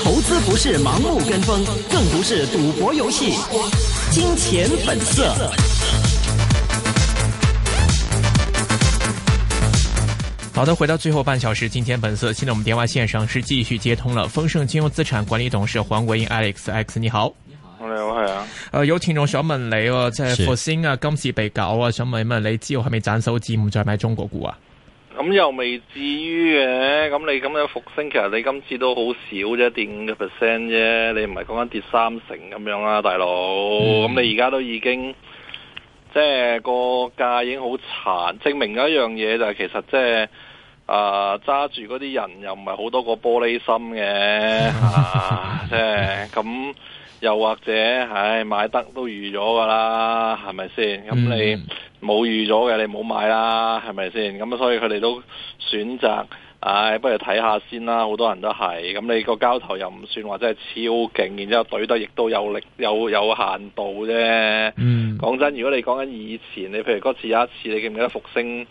投資不是盲目跟風，更不是賭博遊戲。金錢本色。好的，回到最後半小時，金錢本色。現在我們電話綫上是繼續接通了。豐盛金融資產管理董事黃國英 Alex，Alex 你好。你好，係啊。呃，有聽眾想問你哦，即係首先啊，今次被搞啊，想問乜？你之後係咪斬手指唔再買中國股啊？咁又未至於嘅，咁你咁樣復升，其實你今次都好少啫，跌五個 percent 啫，你唔係講緊跌三成咁樣啊，大佬。咁、嗯、你而家都已經，即係個價已經好殘，證明咗一樣嘢就係、是、其實即係啊揸住嗰啲人又唔係好多個玻璃心嘅嚇，啊、 即係咁，又或者唉、哎、買得都預咗噶啦，係咪先？咁、嗯、你。冇預咗嘅，你唔好買啦，係咪先？咁所以佢哋都選擇，唉、哎，不如睇下先啦。好多人都係咁，你個交投又唔算話真係超勁，然之後懟得亦都有力，有有限度啫。嗯、講真，如果你講緊以前，你譬如嗰次有一次，你記唔記得復星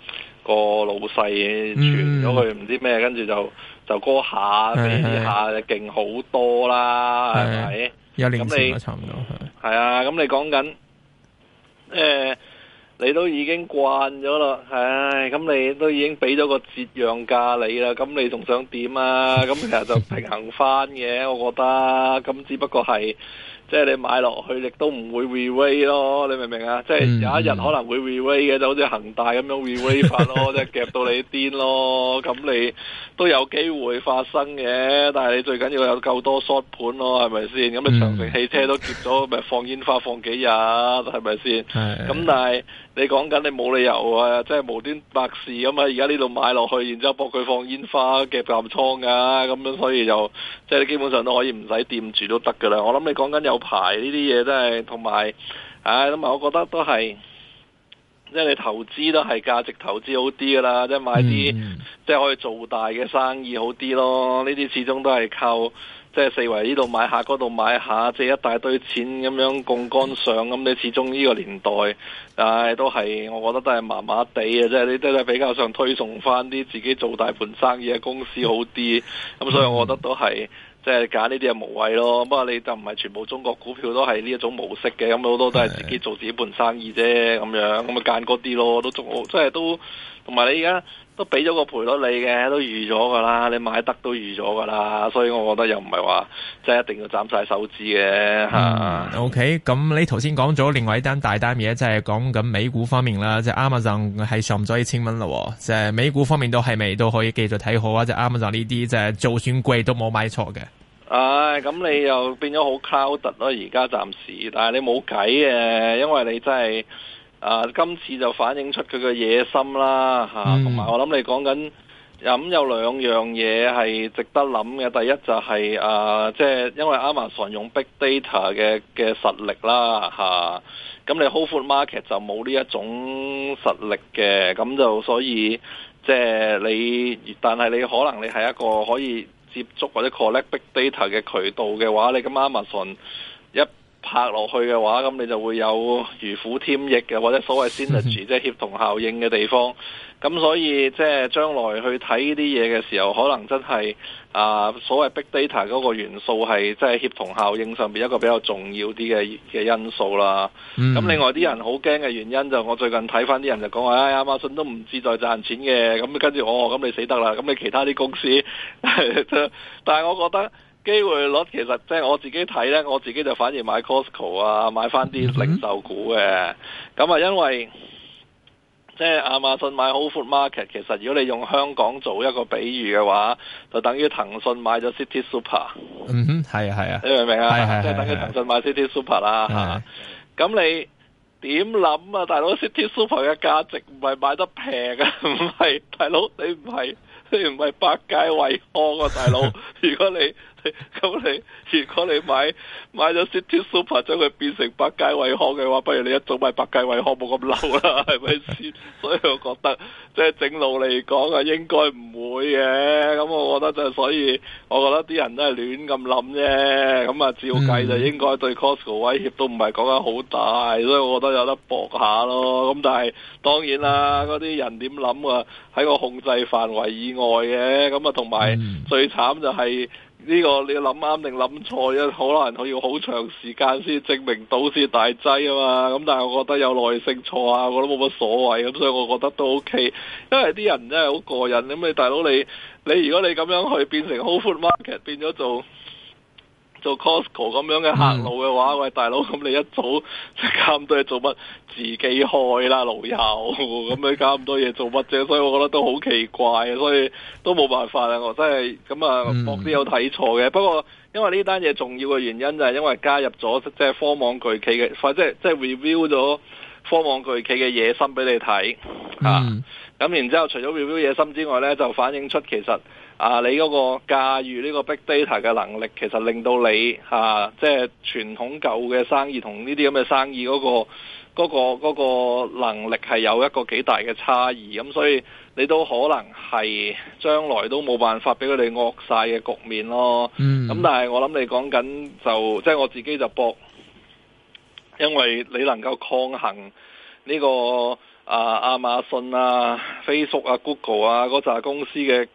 個老細傳咗佢唔知咩，跟住就就下第二下勁好是多啦，係咪？一零年差唔多係。係啊，咁你講緊，誒？你都已經慣咗咯，唉，咁你都已經俾咗個折讓價你啦，咁你仲想點啊？咁其實就平衡翻嘅，我覺得，咁只不過係即係你買落去亦都唔會 re-rate 咯，你明唔明啊？即係有一日可能會 re-rate 嘅，就好似恒大咁樣 re-rate 法咯，即係夾到你癲咯，咁你都有機會發生嘅，但係你最緊要有夠多 short 盤咯，係咪先？咁啊，長城汽車都結咗，咪放煙花放幾日，係咪先？咁但係。你講緊你冇理由啊，即係無端白事咁啊！而家呢度買落去，然之後搏佢放煙花、夾鹹倉噶咁樣，所以就即係你基本上都可以唔使掂住都得噶啦。我諗你講緊有排呢啲嘢，真係同埋，唉，同埋我覺得都係，即係你投資都係價值投資好啲噶啦，即係買啲、嗯、即係可以做大嘅生意好啲咯。呢啲始終都係靠。即係四圍呢度買下，嗰度買下，借一大堆錢咁樣槓桿上，咁你始終呢個年代，唉，都係我覺得都係麻麻地嘅，即係你都係比較想推崇翻啲自己做大盤生意嘅公司好啲，咁所以我覺得都係即係揀呢啲係無謂咯。不過你就唔係全部中國股票都係呢一種模式嘅，咁好多都係自己做自己盤生意啫，咁樣我咪揀嗰啲咯，都仲即係都。同埋你而家都俾咗個賠率你嘅，都預咗噶啦，你買得都預咗噶啦，所以我覺得又唔係話即係一定要斬晒手指嘅吓。嗯嗯、OK，咁你頭先講咗另外一單大單嘢，即係講緊美股方面啦，即係亞馬遜係上咗一千蚊啦。即、就、係、是、美股方面都係咪都可以繼續睇好、就是就是、啊？即係亞馬遜呢啲，即係就算貴都冇買錯嘅。唉，咁你又變咗好 cloud 咯，而家暫時，但係你冇計嘅，因為你真係。啊，今次就反映出佢嘅野心啦，嚇、啊，同埋、mm. 我諗你講緊，咁有兩樣嘢係值得諗嘅。第一就係、是、啊，即、就、係、是、因為 Amazon 用 Big Data 嘅嘅實力啦，嚇、啊，咁你 Whole Foods Market 就冇呢一種實力嘅，咁就所以即係、就是、你，但係你可能你係一個可以接觸或者 collect Big Data 嘅渠道嘅話，你咁 Amazon。 拍落去嘅話，咁你就會有如虎添翼嘅，或者所謂 synergy 即係協同效應嘅地方。咁所以即係將來去睇呢啲嘢嘅時候，可能真係啊、呃、所謂 big data 嗰個元素係即係協同效應上邊一個比較重要啲嘅嘅因素啦。咁 另外啲人好驚嘅原因就是，我最近睇翻啲人就講話，哎亞馬遜都唔自在賺錢嘅，咁跟住我，咁、哦、你死得啦，咁你其他啲公司， 但係我覺得。機會率其實即係我自己睇咧，我自己就反而買 Costco 啊，買翻啲零售股嘅。咁啊、嗯哼，因為即係亞馬遜買 Whole Food market，其實如果你用香港做一個比喻嘅話，就等於騰訊買咗 City Super。嗯哼，係啊係啊，你明唔明啊？係啊，即係等於騰訊買 City Super 啦、啊、吓。咁、啊、你點諗啊，大佬？City Super 嘅價值唔係買得平啊，唔 係不是，大佬你唔係你唔係百佳惠康啊大佬，如果你。咁你 如果你買買咗 City Super 將佢變成百佳惠康嘅話，不如你一早買百佳惠康冇咁嬲啦，係咪先？所以我覺得即係整路嚟講啊，應該唔會嘅。咁我覺得就係所以，我覺得啲人都係亂咁諗啫。咁啊，照計就應該對 Costco 威脅都唔係講得好大，所以我覺得有得搏下咯。咁但係當然啦，嗰啲人點諗啊，喺個控制範圍以外嘅。咁啊、就是，同埋最慘就係。呢、呢個你要諗啱定諗錯，因可能我要好長時間先證明到係大劑啊嘛。咁但係我覺得有耐性錯啊，我都冇乜所謂咁，所以我覺得都 OK。因為啲人真係好過癮，咁你大佬你你如果你咁樣去變成 hold market，變咗做。做 Costco 咁樣嘅客路嘅話，嗯、喂大佬，咁你一早搞咁多嘢做乜？自己開啦老友，咁你搞咁多嘢做乜啫？所以，我覺得都好奇怪啊！所以都冇辦法啦，我真係咁啊，嗯、博啲有睇錯嘅。不過，因為呢單嘢重要嘅原因就係因為加入咗即係科網巨企嘅，或者即係 review 咗科網巨企嘅野心俾你睇、嗯、啊。咁然之後，除咗 review 野心之外咧，就反映出其實。啊！你嗰個駕馭呢個 big data 嘅能力，其實令到你嚇，即、啊、係、就是、傳統舊嘅生意同呢啲咁嘅生意嗰、那個嗰、那個那個、能力係有一個幾大嘅差異，咁、啊、所以你都可能係將來都冇辦法俾佢哋惡晒嘅局面咯。嗯、mm。咁、hmm。但係我諗你講緊就即係、就是、我自己就搏，因為你能夠抗衡呢、這個啊亞馬遜啊、Facebook 啊、Google 啊嗰扎公司嘅。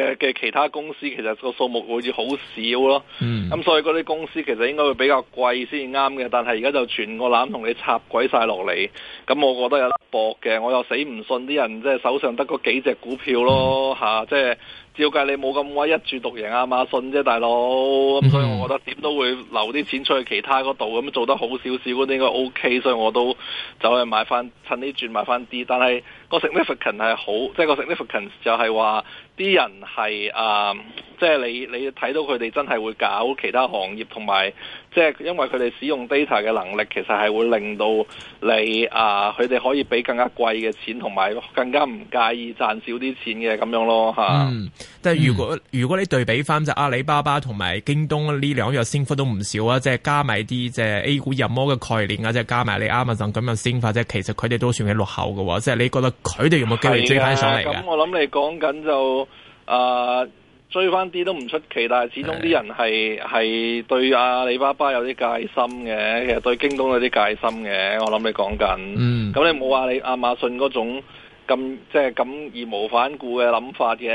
嘅嘅其他公司其實個數目會好似好少咯，咁、嗯嗯、所以嗰啲公司其實應該會比較貴先啱嘅。但係而家就全個攬同你插鬼晒落嚟，咁、嗯、我覺得有搏嘅。我又死唔信啲人，即係手上得嗰幾隻股票咯，嚇、啊！即係照計你冇咁威，一注獨贏阿媽信啫，大佬。咁、嗯嗯、所以我覺得點都會留啲錢出去其他嗰度，咁、嗯、做得好少少啲應該 O K。所以我都走去買翻，趁啲轉買翻啲。但係個 significance 係好，即係個 significance 就係話。啲人係啊、呃，即係你你睇到佢哋真係會搞其他行業，同埋即係因為佢哋使用 data 嘅能力，其實係會令到你啊，佢、呃、哋可以俾更加貴嘅錢，同埋更加唔介意賺少啲錢嘅咁樣咯嚇。嗯，但係如果、嗯、如果你對比翻就阿里巴巴同埋京東呢兩樣升幅都唔少啊，即係加埋啲即係 A 股入魔嘅概念啊，即係加埋你 Amazon 咁樣升法，即係其實佢哋都算係落後嘅喎，即係你覺得佢哋有冇機會追翻上嚟嘅？咁、啊嗯嗯、我諗你講緊就。啊，uh, 追翻啲都唔出奇，但係始終啲人係係的對阿里巴巴有啲戒心嘅，其實對京東有啲戒心嘅。我諗你講緊，咁、嗯、你冇話你亞馬遜嗰種咁即係咁義無反顧嘅諗法嘅，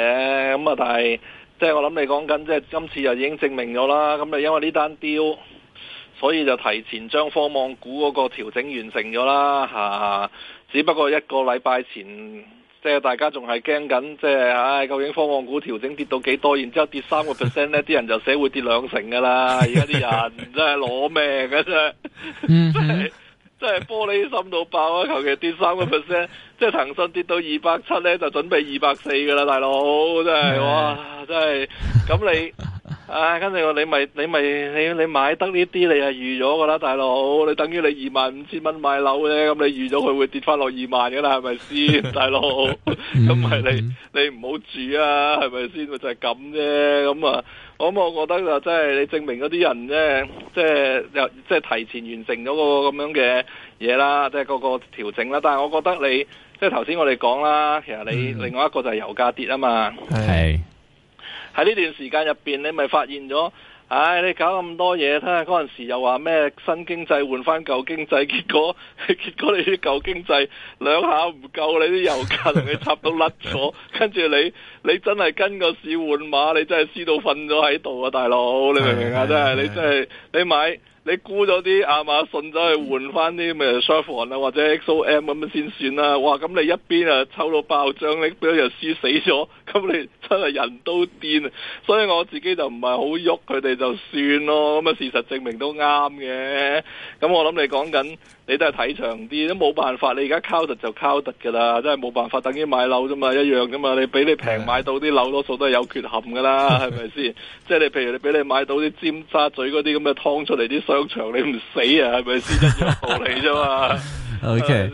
咁啊但係即係我諗你講緊，即係今次又已經證明咗啦。咁啊因為呢單雕，所以就提前將科網股嗰個調整完成咗啦吓。只不過一個禮拜前。即係大家仲係驚緊，即係唉，究竟科網股調整跌到幾多？然之後跌三個 percent 咧，啲 人就寫會跌兩成噶啦。而家啲人真係攞命噶啫，真係係 玻璃心到爆啊！求其跌三個 percent，即係騰訊跌到二百七咧，就準備二百四噶啦，大佬，真係哇，真係咁你。啊！跟住我你咪你咪你你，你買得呢啲你係預咗噶啦，大佬！你等於你二萬五千蚊買樓咧，咁你預咗佢會跌翻落二萬噶啦，係咪先，大佬？ 咁係你你唔好住啊，係咪先？就係咁啫，咁啊咁，我覺得就真係你證明嗰啲人咧，即係又即係提前完成咗個咁樣嘅嘢啦，即係個個調整啦。但係我覺得你即係頭先我哋講啦，其實你另外一個就係油價跌啊嘛。係。喺呢段時間入邊，你咪發現咗？唉、哎，你搞咁多嘢，睇下嗰陣時又話咩新經濟換翻舊經濟，結果結果你啲舊經濟兩下唔夠，你啲油價同你插到甩咗， 跟住你你真係跟個市換馬，你真係輸到瞓咗喺度啊！大佬，你明唔明啊？的真係的你真係你買你沽咗啲亞馬遜走去換翻啲咩商房啊，嗯、或者 XOM 咁先算啦。哇，咁你一邊啊抽到爆張，你邊日輸死咗？咁你真係人都癲，啊，所以我自己就唔係好喐佢哋就算咯。咁啊事實證明都啱嘅。咁我諗你講緊，你都係睇長啲，都冇辦法。你而家敲突就敲突噶啦，真係冇辦法。等於買樓啫嘛，一樣噶嘛。你比你平買到啲樓，多數都係有缺陷噶啦，係咪先？即係你譬如你比你買到啲尖沙咀嗰啲咁嘅劏出嚟啲商場，你唔死啊？係咪先一樣嚟啫嘛 ？OK，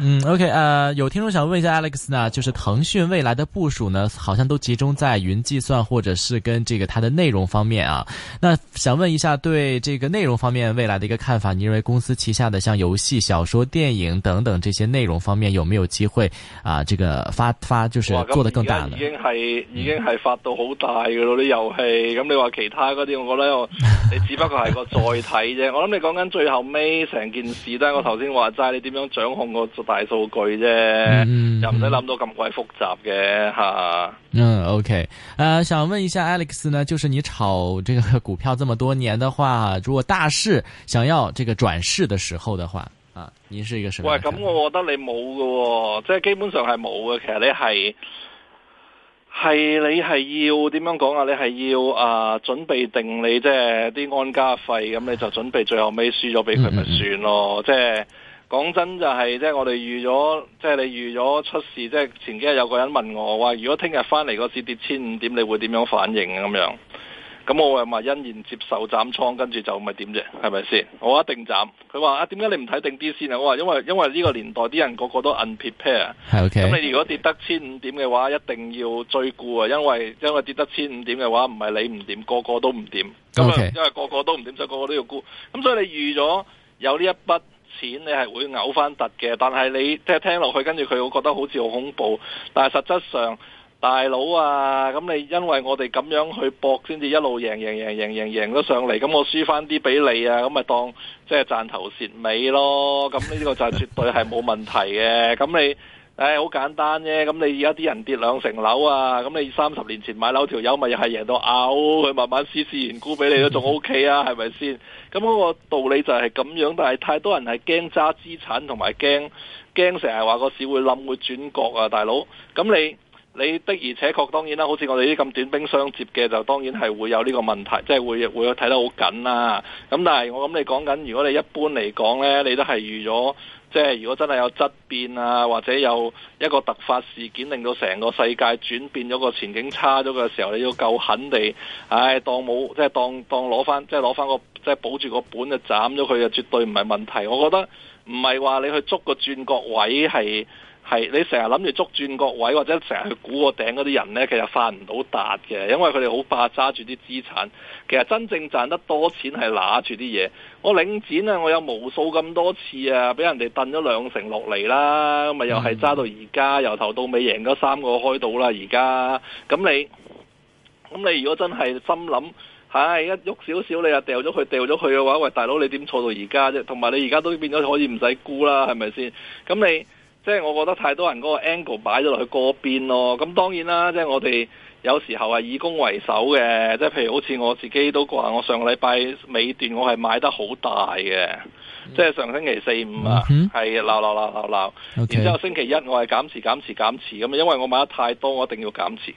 嗯，OK，啊、uh,，有聽眾想問一下 Alex 呢，就是騰訊未來的部署。呢，好像都集中在雲計算，或者是跟這個它的內容方面啊。那想問一下，對這個內容方面未來的一個看法，你認為公司旗下的像遊戲、小說、電影等等這些內容方面有沒有機會啊？這個發發就是做得更大了。已經係已經係發到好大嘅咯，啲遊戲。咁你話其他啲，我覺得我你只不過係個載體啫。 我諗你講緊最後尾成件事都係我頭先話齋，你點樣掌控個大數據啫？嗯，又唔使諗到咁鬼複雜嘅吓。啊，嗯，OK，啊、呃，想問一下 Alex 呢，就是你炒這個股票這麼多年的話，如果大市想要這個轉勢的時候的話，啊，你是一個什麼？喂，咁我覺得你冇噶、哦，即係基本上係冇噶，其實你係係你係要點樣講啊？你係要啊、呃，準備定你即係啲安家費，咁你就準備最後尾輸咗俾佢咪算咯，嗯嗯嗯即係。講真就係即係我哋預咗，即係你預咗出事，即係前幾日有個人問我話，如果聽日翻嚟個市跌千五點，你會點樣反應啊？咁樣，咁我話咪欣然接受斬倉，跟住就咪點啫，係咪先？我一定斬。佢話啊，點解你唔睇定啲先啊？我話因為因為呢個年代啲人個個都 unprepared，咁你如果跌得千五點嘅話，一定要追沽啊！因為因為跌得千五點嘅話，唔係你唔點，個個都唔點。咁啊，因為個個都唔點，就個個都要沽。咁所以你預咗有呢一筆。錢你係會嘔翻突嘅，但係你即係聽落去，跟住佢會覺得好似好恐怖。但係實質上，大佬啊，咁你因為我哋咁樣去搏，先至一路贏贏贏贏贏贏咗上嚟，咁我輸翻啲俾你啊，咁咪當即係、就係、賺頭蝕尾咯。咁呢個就絕對係冇問題嘅。咁你。誒好、哎、簡單啫，咁你而家啲人跌兩成樓啊，咁你三十年前買樓條友咪又係贏到嘔，佢、哦、慢慢試試現股俾你都仲 O K 啊，係咪先？咁嗰個道理就係咁樣，但係太多人係驚揸資產同埋驚驚成日話個市會冧會轉角啊，大佬。咁你你的而且確當然啦，好似我哋啲咁短兵相接嘅，就當然係會有呢個問題，即係會會睇得好緊啦、啊。咁但係我咁你講緊，如果你一般嚟講呢，你都係預咗。即係如果真係有質變啊，或者有一個突發事件令到成個世界轉變咗個前景差咗嘅時候，你要夠狠地，唉，當冇即係當當攞翻，即係攞翻個即係保住個本就斬咗佢，就絕對唔係問題。我覺得唔係話你去捉個轉角位係。係你成日諗住捉轉角位，或者成日去估個頂嗰啲人呢，其實發唔到達嘅，因為佢哋好怕揸住啲資產。其實真正賺得多錢係拿住啲嘢。我領展啊，我有無數咁多次啊，俾人哋掟咗兩成落嚟啦，咁咪又係揸到而家，由頭到尾贏咗三個開到啦。而家咁你，咁你如果真係心諗，唉、哎、一喐少少你又掉咗佢掉咗佢嘅話，喂，大佬你點坐到而家啫？同埋你而家都變咗可以唔使估啦，係咪先？咁你。即係我覺得太多人嗰個 angle 擺咗落去過邊咯，咁當然啦，即係我哋有時候係以攻為守嘅，即係譬如好似我自己都話，我上個禮拜尾段我係買得好大嘅，即係上星期四五啊，係鬧鬧鬧鬧鬧，然之後星期一我係減持減持減持咁，因為我買得太多，我一定要減持。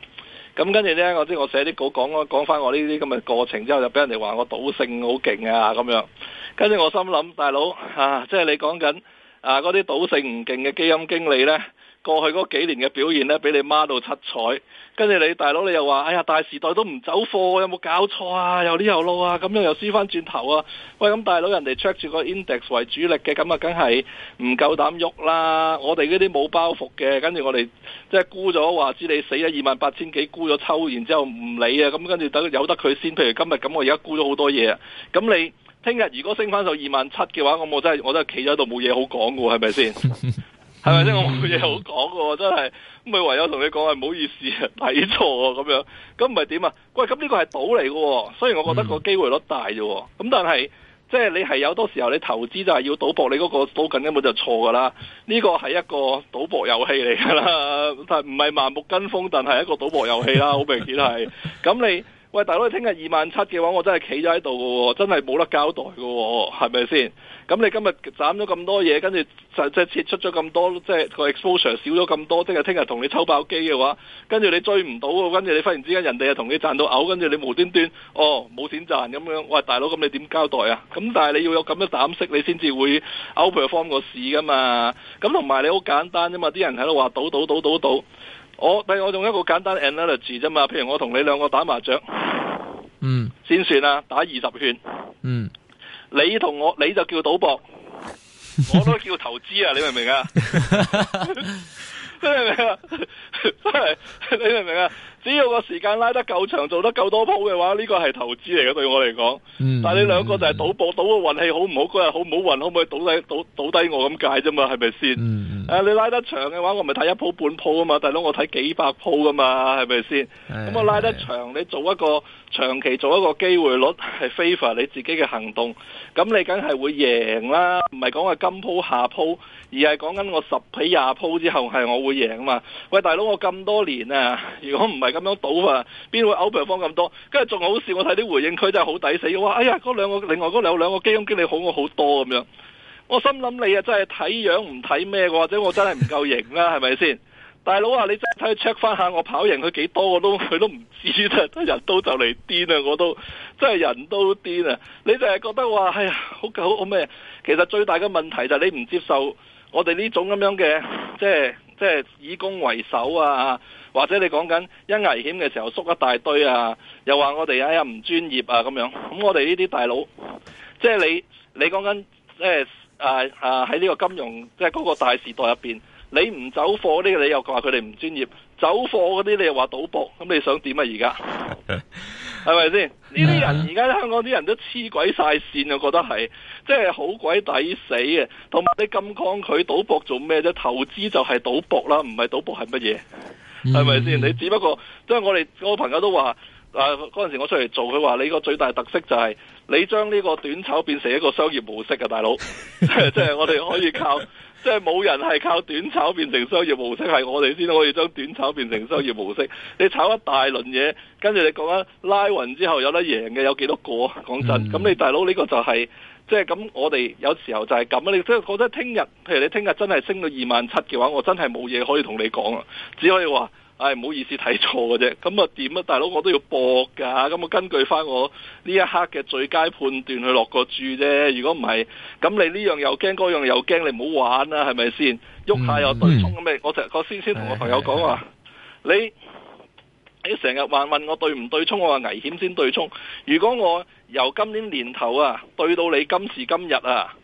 咁跟住咧，我即係我寫啲稿講講返我呢啲咁嘅過程之後，就俾人哋話我賭性好勁啊咁樣。跟住我心諗，大佬啊，即係你講緊。啊！嗰啲賭性唔勁嘅基金經理呢，過去嗰幾年嘅表現呢，俾你媽到七彩，跟住你大佬你又話，哎呀，大時代都唔走貨，有冇搞錯啊？又呢？又碌啊，咁樣又輸翻轉頭啊！喂，咁、嗯、大佬人哋 check 住個 index 為主力嘅，咁啊，梗係唔夠膽喐啦！我哋嗰啲冇包袱嘅，跟住我哋即係沽咗，話知你死咗二萬八千幾沽咗抽，然之後唔理啊！咁跟住等有得佢先。譬如今日咁，我而家沽咗好多嘢，咁你。聽日如果升翻到二萬七嘅話我，我真係， 我都係企咗喺度冇嘢好講嘅喎，係咪先？係咪先？我冇嘢好講嘅喎，真係咁咪唯有同你講係唔好意思睇錯啊咁樣，咁唔係點啊？喂，咁呢個係賭嚟嘅喎，所以我覺得個機會率大啫。咁但係即係你係有多時候你投資就係要賭博，你嗰個賭緊根本就錯嘅啦。呢個係一個賭博遊戲嚟嘅啦，但係唔係盲目跟風，但係一個賭博遊戲啦，好明顯係咁 你。喂，大佬，你聽日二萬七嘅話，我真係企咗喺度喎，真係冇得交代嘅喎，係咪先？咁你今日斬咗咁多嘢，跟住即即係撤出咗咁多，少咗咁多，即係個 exposure 少咗咁多，即係聽日同你抽爆機嘅話，跟住你追唔到嘅，跟住你忽然之間人哋又同你賺到嘔，跟住你無端端哦冇錢賺咁樣，喂大佬咁你點交代啊？咁但係你要有咁嘅膽識，你先至會 outperform 個市嘅嘛。咁同埋你好簡單啫嘛，啲人喺度話賭賭賭賭賭。賭賭賭賭我，但係我用一個簡單嘅 analogy 啫嘛，譬如我同你兩個打麻雀，嗯，先算啦，打二十圈，嗯，你同我，你就叫賭博，我都叫投資啊，你明唔明啊？ 你明唔明啊？只要個時間拉得夠長，做得夠多鋪嘅話，呢、這個係投資嚟嘅，對我嚟講，嗯、但係你兩個就係賭博，賭個運氣好唔好，嗰日好唔好運，可唔可以賭低賭低我咁解啫嘛，係咪先？嗯誒、啊，你拉得長嘅話，我咪睇一鋪半鋪啊嘛，大佬我睇幾百鋪噶嘛，係咪先？咁 我拉得長，你做一個長期做一個機會率係 favor 你自己嘅行動，咁你梗係會贏啦。唔係講話今鋪下鋪，而係講緊我十鋪廿鋪之後係我會贏啊嘛。喂，大佬我咁多年啊，如果唔係咁樣賭啊，邊會 outperform 咁多？跟住仲好笑，我睇啲回應區真係好抵死。我話哎呀，嗰兩個另外嗰兩兩個基金經理好我好多咁樣。我心諗你啊，真係睇樣唔睇咩？或者我真係唔夠型啦，係咪先？大佬啊，你真係睇 check 翻下我跑贏佢幾多，我都佢都唔知啦。人都就嚟癲啦，我都真係人都癲啊！你就係覺得話，哎呀，好狗好咩？其實最大嘅問題就係你唔接受我哋呢種咁樣嘅，即係即係以攻為守啊，或者你講緊一危險嘅時候縮一大堆啊，又話我哋哎呀唔專業啊咁樣。咁我哋呢啲大佬，即係你你講緊即係。即即即即即即誒誒，喺呢、uh, uh, 個金融即係嗰個大時代入邊，你唔走貨嗰啲，你又話佢哋唔專業；走貨嗰啲，你又話賭博。咁你想點啊？而家係咪先？呢啲 人而家香港啲人都黐鬼晒線啊，覺得係即係好鬼抵死嘅。同埋你咁講佢賭博做咩啫？投資就係賭博啦，唔係賭博係乜嘢？係咪先？ 你只不過即係我哋我朋友都話。啊！嗰陣時我出嚟做，佢話你個最大特色就係你將呢個短炒變成一個商業模式嘅、啊、大佬，即係、 啊就是、我哋可以靠，即係冇人係靠短炒變成商業模式，係我哋先可以將短炒變成商業模式。你炒一大輪嘢，跟住你講緊，拉勻之後有得贏嘅有幾多個、啊？講真，咁、嗯、你大佬呢、呢個就係即係咁。就是、我哋有時候就係咁啊！你真係覺得聽日，譬如你聽日真係升到二萬七嘅話，我真係冇嘢可以同你講啊，只可以話。唉，唔好意思睇錯嘅啫，咁啊點啊，大佬我都要博噶，咁我根據翻我呢一刻嘅最佳判斷去落個注啫。如果唔係，咁你呢樣又驚，嗰樣又驚，你唔好玩啦、啊，係咪先？喐下又對沖咁咩？我成日個先我先同個朋友講話、嗯嗯，你你成日問問我對唔對沖，我話危險先對沖。如果我由今年年頭啊對到你今時今日啊，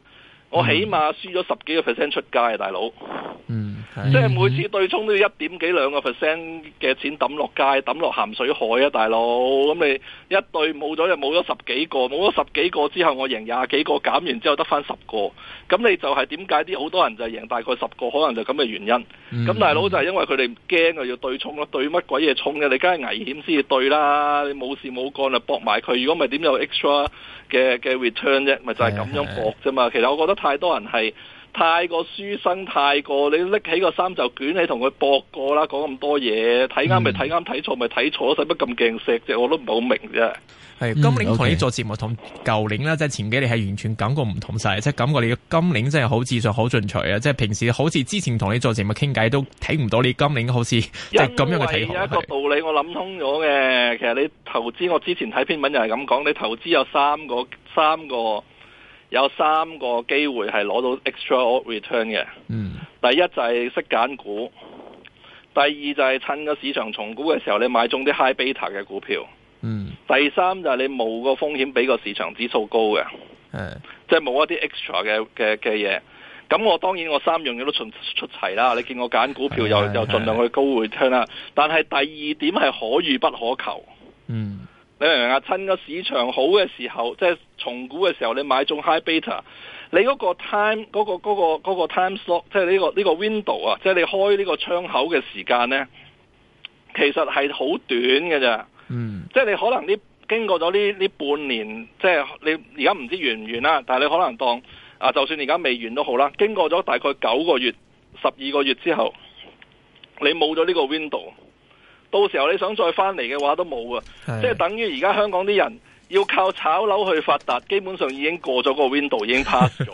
我起碼輸咗十幾個 percent 出街啊，大佬。嗯嗯嗯 Mm hmm. 即係每次對沖都要一點幾兩個 percent 嘅錢抌落街，抌落鹹水海啊！大佬，咁你一對冇咗就冇咗十幾個，冇咗十幾個之後我贏廿幾個，減完之後得翻十個，咁你就係點解啲好多人就係贏大概十個，可能就咁嘅原因。咁、mm hmm. 大佬就係、是、因為佢哋驚啊，要對沖咯，對乜鬼嘢沖嘅？你梗係危險先至對啦，你冇事冇幹就搏埋佢，如果唔係點有 extra 嘅嘅 return 啫？咪、mm hmm. 就係咁樣搏啫嘛。Mm hmm. 其實我覺得太多人係。太過書生，太過你拎起個衫就捲起同佢搏過啦，講咁多嘢，睇啱咪睇啱，睇錯咪睇錯，使乜咁勁石啫？我都唔係好明啫。係今年同你做節目同舊年啦，即係前幾年係完全感覺唔同晒。即係感覺你今年真係好自信、好進取啊！即係平時好似之前同你做節目傾偈都睇唔到你今年好似即係咁樣因睇一個道理我諗通咗嘅是，其實你投資我之前睇篇文又係咁講，你投資有三個三個。三個有三個機會係攞到 extra return 嘅。嗯，第一就係識揀股，第二就係趁個市場重估嘅時候，你買中啲 high beta 嘅股票。嗯，第三就係你冇個風險比個市場指數高嘅。即係冇一啲 extra 嘅嘅嘅嘢。咁、嗯、我當然我三樣嘢都出齊啦。你見我揀股票又又盡是量去高 return 啦。但係第二點係可遇不可求。嗯。你明唔明啊？趁個市場好嘅時候，即係重估嘅時候，你買中 high beta，你嗰個 time 嗰、嗰個嗰、嗰個嗰個、time slot，即係呢、呢個呢、呢個 window 啊，即係你開呢個窗口嘅時間呢，其實係好短嘅咋。嗯。即係你可能呢經過咗呢呢半年，即係你而家唔知完唔完啦，但係你可能當啊，就算而家未完都好啦，經過咗大概九個月、十二個月之後，你冇咗呢個 window。到時候你想再返嚟嘅話都冇啊！是即係等於而家香港啲人要靠炒樓去發達，基本上已經過咗個 window， 已經 pass 咗。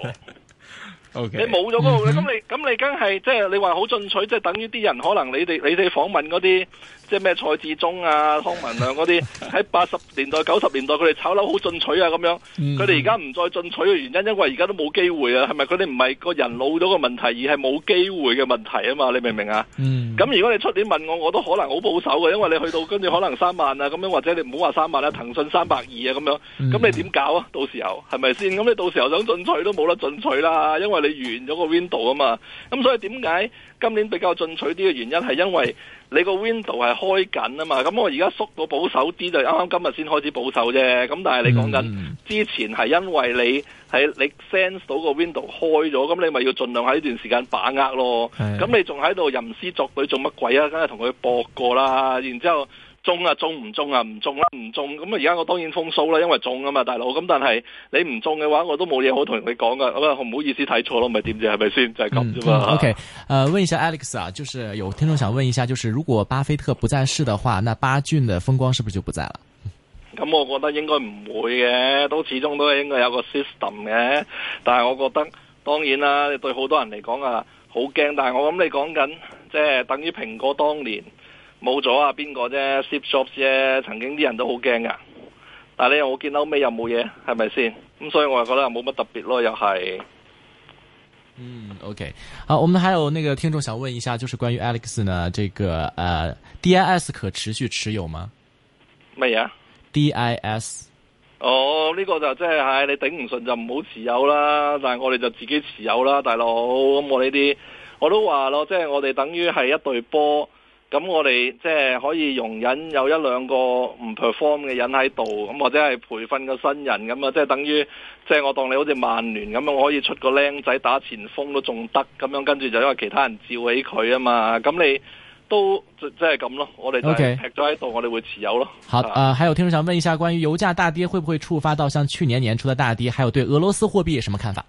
Okay. 你冇咗嗰個，咁、嗯、哼你咁你梗係即係你話好進取，即係等於啲人可能你哋你哋訪問嗰啲。即係咩蔡志忠啊、湯文亮嗰啲喺八十年代、九十年代佢哋炒樓好進取啊咁樣，佢哋而家唔再進取嘅原因，因為而家都冇機會啊。係咪佢哋唔係個人老咗個問題，而係冇機會嘅問題啊嘛？你明唔明啊？咁、嗯、如果你出年問我，我都可能好保守嘅，因為你去到跟住可能三萬啊咁樣，或者你唔好話三萬啦、啊，騰訊三百二啊咁樣，咁、嗯、你點搞啊？到時候係咪先？咁你到時候想進取都冇得進取啦、啊，因為你完咗個 window 啊嘛。咁所以點解今年比較進取啲嘅原因係因為？你個 window 係開緊啊嘛，咁我而家縮到保守啲，就啱啱今日先開始保守啫，咁但係你講緊、嗯、之前係因為你係你 sense 到個 window 開咗，咁你咪要盡量喺呢段時間把握咯，咁的你仲喺度吟詩作對做乜鬼啊？梗係同佢搏過啦，然之後。中啊，中唔中啊？唔中啦，唔中。咁啊，而家、啊啊、我當然風騷啦，因為中啊嘛，大佬。咁但係你唔中嘅話，我都冇嘢好同你講噶。咁啊，唔好意思睇錯咯，咪點知，係咪先？就係咁啫嘛。嗯、o、okay. K，呃，問一下 Alex 啊，就是有聽眾想問一下，就是如果巴菲特不在世的話，那巴俊的風光是不是就不在了？咁我覺得應該唔會嘅，都始終都應該有個 system 嘅。但係我覺得當然啦，對好多人嚟講啊，好驚。但係我諗你講緊，即、就、係、是、等於蘋果當年。冇咗啊，邊個啫 Sip Shops 啫，曾經啲人都好驚噶。但係你又冇見到尾又冇嘢，係咪先？咁所以我又覺得冇乜特別咯，又係。嗯，OK，好，我們還有那個聽眾想問一下，就是關於 Alex 呢，這個呃 DIS 可持續持有嗎？咩啊？DIS？哦，呢、這個就即係係你頂唔順就唔好持有啦，但係我哋就自己持有啦，大佬。咁、嗯、我呢啲我都話咯，即、就、係、是、我哋等於係一對波。咁我哋即係可以容忍有一兩個唔 perform 嘅人喺度，咁或者係培訓個新人咁啊，即係等於即係我當你好似曼聯咁樣，我可以出個靚仔打前鋒都仲得咁樣，跟住就因為其他人照起佢啊嘛，咁你都即係咁咯。我哋都係劈咗喺度，我哋會持有咯。Okay. 啊。好啊，呃，還有聽眾想問一下，關於油價大跌，會不會觸發到像去年年初的大跌？還有對俄羅斯貨幣有什麼看法？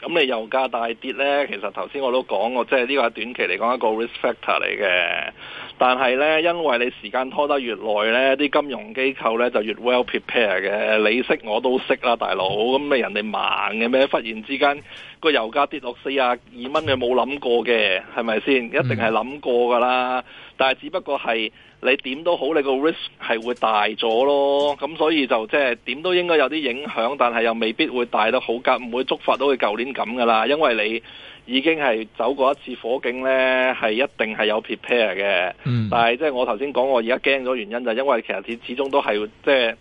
咁你油價大跌呢，其實頭先我都講過，我即係呢個係短期嚟講一個 risk factor 嚟嘅。但係呢，因為你時間拖得越耐呢，啲金融機構呢就越 well prepare 嘅。你識我都識啦，大佬。咁你人哋盲嘅咩？忽然之間個油價跌落四十二蚊，你冇諗過嘅係咪先？一定係諗過噶啦。但係只不過係。你點都好，你個 risk 係會大咗咯，咁所以就即係點都應該有啲影響，但係又未必會大得好㗎，唔會觸發到佢舊年咁㗎啦，因為你已經係走過一次火警呢，係一定係有 prepare 嘅。嗯、但係即係我頭先講，我而家驚咗原因就係、因為其實佢始終都係即係。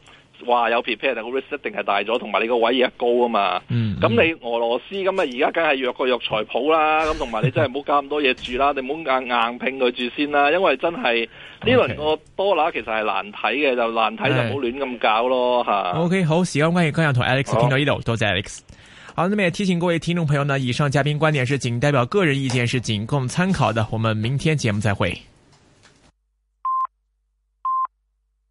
話有 prepare 個 risk 一定係大咗，同埋你個位亦高啊嘛。咁、嗯嗯、你俄羅斯咁啊，而家梗係約個藥材鋪啦。咁同埋你真係唔好加咁多嘢住啦， 你唔好硬硬拼佢住先啦。因為真係呢輪個多拿其實係難睇嘅，難就難睇就唔好亂咁搞咯吓。O、okay. K、okay，好，時間關係今日同 Alex 傾到呢度、oh。多謝 Alex。好，咁么也提醒各位聽眾朋友呢，以上嘉賓觀點是僅代表個人意見，是僅供參考的。我們明天節目再會。